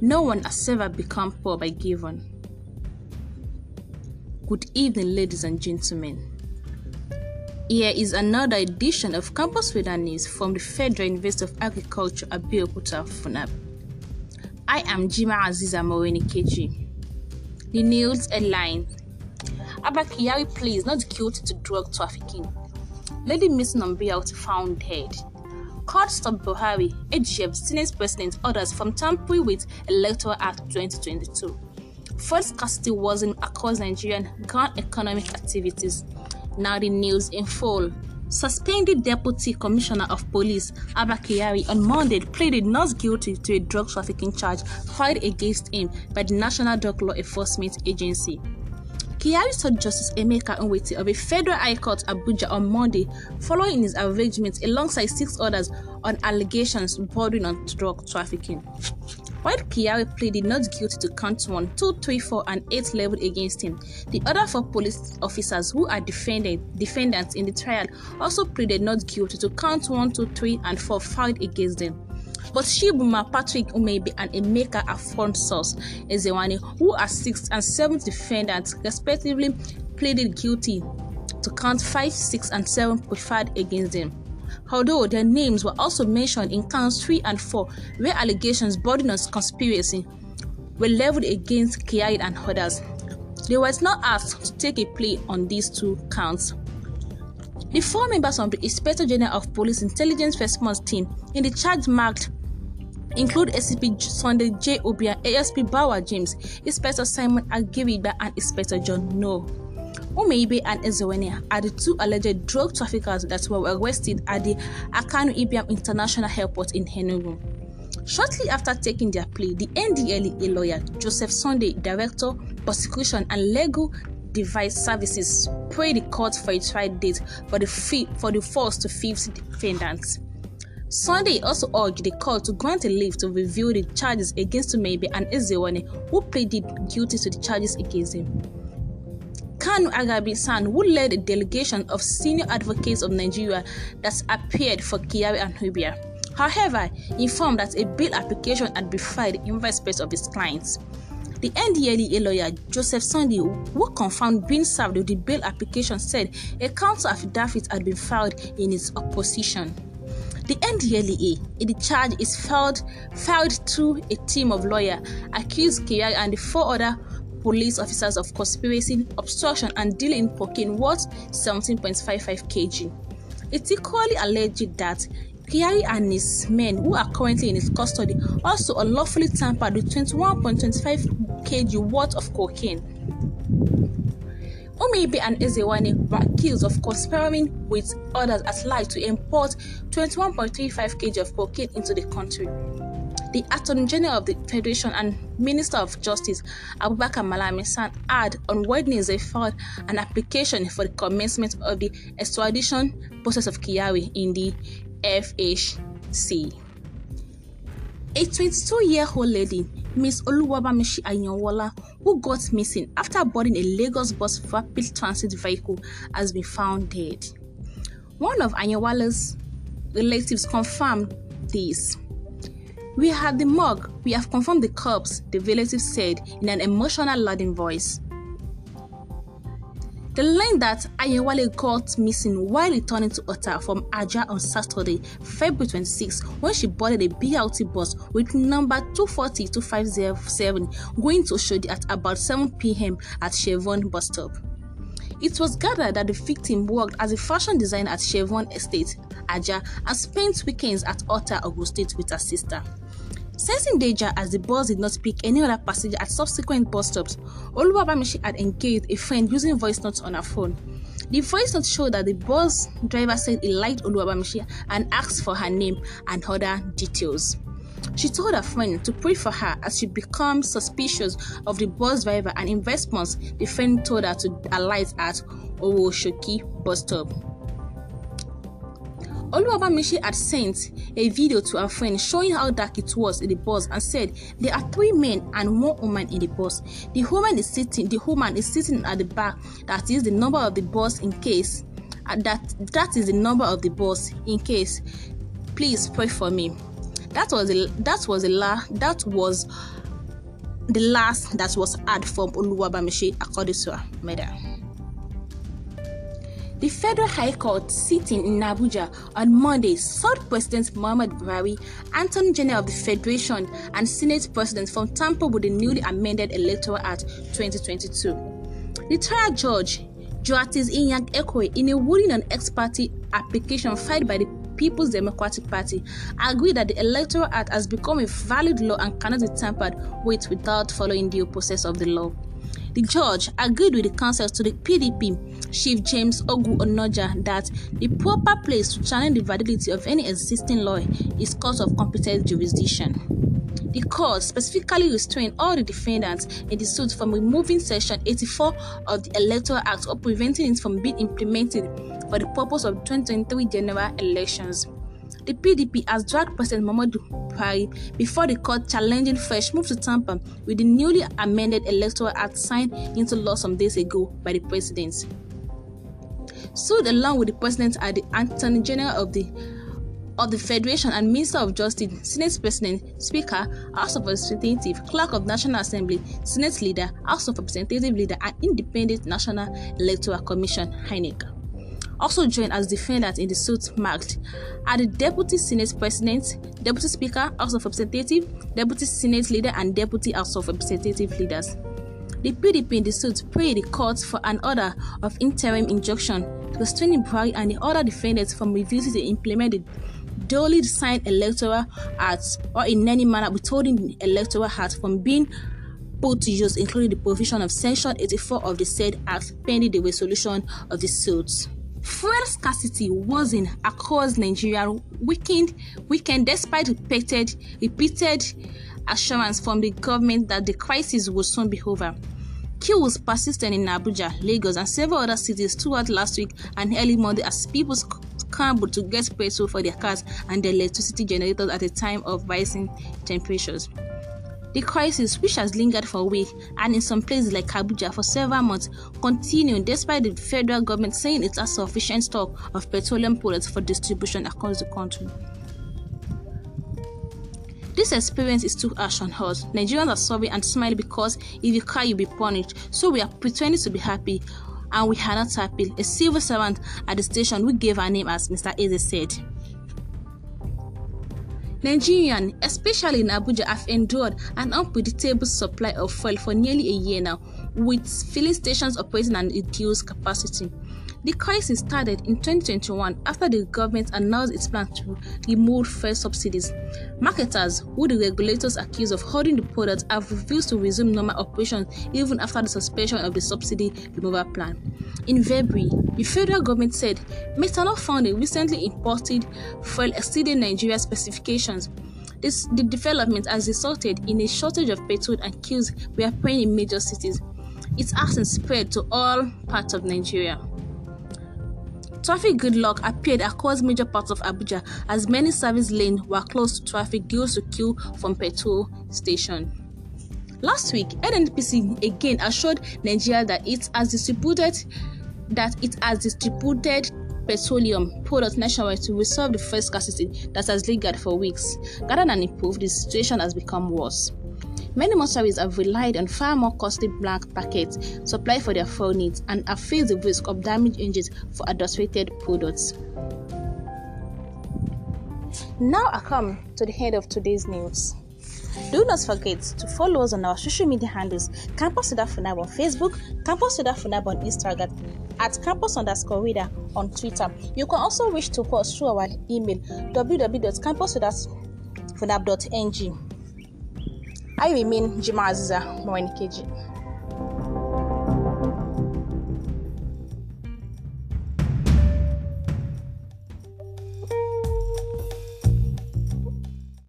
No one has ever become poor by giving. Good evening, ladies and gentlemen. Here is another edition of Campus Weather News from the Federal University of Agriculture, Abeokuta, Funab. I am Jima Aziza Mowenikeji. The news headlines Abakiyari is not guilty to drug trafficking. Lady Miss Nambiaut found dead. Court Stop Buhari, AGF Senate President orders from tampering with Electoral Act 2022. First custody was in across Nigerian ground economic activities. Now the news in full. Suspended Deputy Commissioner of Police Abakari on Monday pleaded not guilty to a drug trafficking charge filed against him by the National Drug Law Enforcement Agency. Kiari sought Justice Emeka Nweti of a federal high court Abuja on Monday following his arraignment alongside six others on allegations bordering on drug trafficking. While Kiari pleaded not guilty to counts 1, 2, 3, 4, and 8 leveled against him, the other four police officers who are defended, defendants in the trial also pleaded not guilty to counts 1, 2, 3, and 4 filed against them. But she, Patrick Umebe and Emeka Afonsos Ezewani, who are sixth and seventh defendants respectively, pleaded guilty to count 5, 6, and 7 preferred against them. Although their names were also mentioned in counts 3 and 4, where allegations of on conspiracy were leveled against Kiai and others. They were not asked to take a plea on these two counts. The four members of the Inspector General of Police Intelligence Response Team in the charge marked include ACP Sunday J. Obia, ASP Bauer James, Inspector Simon Agiwiba, and Inspector John No. Umeibe and Ezewenia are the two alleged drug traffickers that were arrested at the Akano Ibiam International Airport in Enugu. Shortly after taking their plea, the NDLEA lawyer Joseph Sunday, Director, Prosecution and Legal Device Services, prayed the court for a trial date for the, for the first to fifth defendants. Sunday also urged the court to grant a leave to review the charges against Maybe and Ezewane, who pleaded guilty to the charges against him. Kanu Agabi San, who led a delegation of senior advocates of Nigeria that appeared for Kiawe and Hubia, however, informed that a bail application had been filed in respect of his clients. The NDLEA lawyer Joseph Sunday, who confirmed being served with the bail application, said a counter affidavit had been filed in his opposition. The NDLEA, the charge is filed, filed through a team of lawyers, accused KI and the four other police officers of conspiracy, obstruction, and dealing in cocaine worth 17.55 kg. It's equally alleged that KI and his men, who are currently in his custody, also unlawfully tampered with 21.25 kg worth of cocaine or maybe an Ezewani rat kills of conspiring with others at large to import 21.35 kg of cocaine into the country. The Attorney General of the Federation and Minister of Justice, Abubakar Malami San, had on Wednesday filed an application for the commencement of the extradition process of Kiawe in the FHC. A 22 year old lady Miss Oluwabamishi Ayanwola, who got missing after boarding a Lagos bus rapid transit vehicle, has been found dead. One of Ayanwala's relatives confirmed this. We had the mug, we have confirmed the corpse, the relative said in an emotional, louding voice. They learned that Ayewale got missing while returning to Ota from Aja on Saturday, February 26, when she boarded a BRT bus with number 240 to 507 going to Oshodi at about 7 pm at Chevron bus stop. It was gathered that the victim worked as a fashion designer at Chevron Estate, Aja, and spent weekends at Otta Ogun State with her sister. Sensing danger as the bus did not pick any other passenger at subsequent bus stops, Oluwabamishi had engaged a friend using voice notes on her phone. The voice note showed that the bus driver said he liked Oluwabamishi and asked for her name and other details. She told her friend to pray for her as she becomes suspicious of the bus driver, and in response, the friend told her to alight at Owoshoki bus stop. Oluwabamishi had sent a video to her friend showing how dark it was in the bus and said there are three men and one woman in the bus. The woman is sitting the woman is sitting at the back that is the number of the bus in case uh, that that is the number of the bus in case please pray for me. That was a that was a la that was the last that was heard from Oluwabamishi according to her mother. The Federal High Court sitting in Abuja on Monday sought President Muhammad Buhari, Attorney General of the Federation, and Senate President from Tampa with the newly amended Electoral Act 2022. The trial judge, Joatis Inyang Ekwe, in a ruling on ex party application filed by the People's Democratic Party agreed that the Electoral Act has become a valid law and cannot be tampered with without following due process of the law. The judge agreed with the counsel to the PDP, Chief James Ogu Onoja, that the proper place to challenge the validity of any existing law is court of competent jurisdiction. The court specifically restrained all the defendants in the suit from removing Section 84 of the Electoral Act or preventing it from being implemented for the purpose of 2023 general elections. The PDP has dragged President Mamadou Buhari before the court challenging fresh move to Tampa with the newly amended Electoral Act signed into law some days ago by the president. Sued along with the president are the Attorney General of the of the Federation and Minister of Justice, Senate President, Speaker, House of Representatives, Clerk of National Assembly, Senate Leader, House of Representative Leader, and Independent National Electoral Commission, (INEC) also joined as defendants in the suit marked are the Deputy Senate President, Deputy Speaker, House of Representatives, Deputy Senate Leader, and Deputy House of Representative Leaders. The PDP in the suit prayed the court for an order of interim injunction to restrain Buhari and the other defendants from refusing to implement the duly signed electoral acts or in any manner withholding the electoral act from being put to use, including the provision of Section 84 of the said Act, pending the resolution of the suits. Fuel scarcity was in across Nigeria weakened weekend despite repeated repeated assurance from the government that the crisis would soon be over. Queues persisted in Abuja, Lagos, and several other cities throughout last week and early Monday as people scrambled to get petrol for their cars and their electricity generators at a time of rising temperatures. The crisis, which has lingered for a week and in some places like Abuja for several months, continued despite the federal government saying it has sufficient stock of petroleum products for distribution across the country. This experience is too harsh on us. Nigerians are sorry and smile because if you cry, you'll be punished. So we are pretending to be happy, and we are not happy. A civil servant at the station we gave her name as Mr. Eze said. Nigerians, especially in Abuja, have endured an unpredictable supply of fuel for nearly a year now, with filling stations operating at reduced capacity. The crisis started in 2021 after the government announced its plan to remove fuel subsidies. Marketers, who the regulators accused of hoarding the product, have refused to resume normal operations even after the suspension of the subsidy removal plan. In February, the federal government said methanol found recently imported fuel exceeding Nigeria's specifications. This the development has resulted in a shortage of petrol and queues we are paying in major cities. Its absence spread to all parts of Nigeria. Traffic gridlock appeared across major parts of Abuja as many service lanes were closed to traffic due to queue from petrol station. Last week, NNPC again assured Nigeria that it has distributed that it has distributed petroleum products nationwide to resolve the first scarcity that has lingered for weeks. Rather than improve, the situation has become worse. Many motorists have relied on far more costly black packets supplied for their fuel needs and have faced the risk of damaged engines for adulterated products. Now I come to the head of today's news. Do not forget to follow us on our social media handles Campus Funab on Facebook, Campus Funab on Instagram, at campus underscore reader on Twitter. You can also reach to us through our email www.campusfunab.ng. I remain Jima Aziza KG.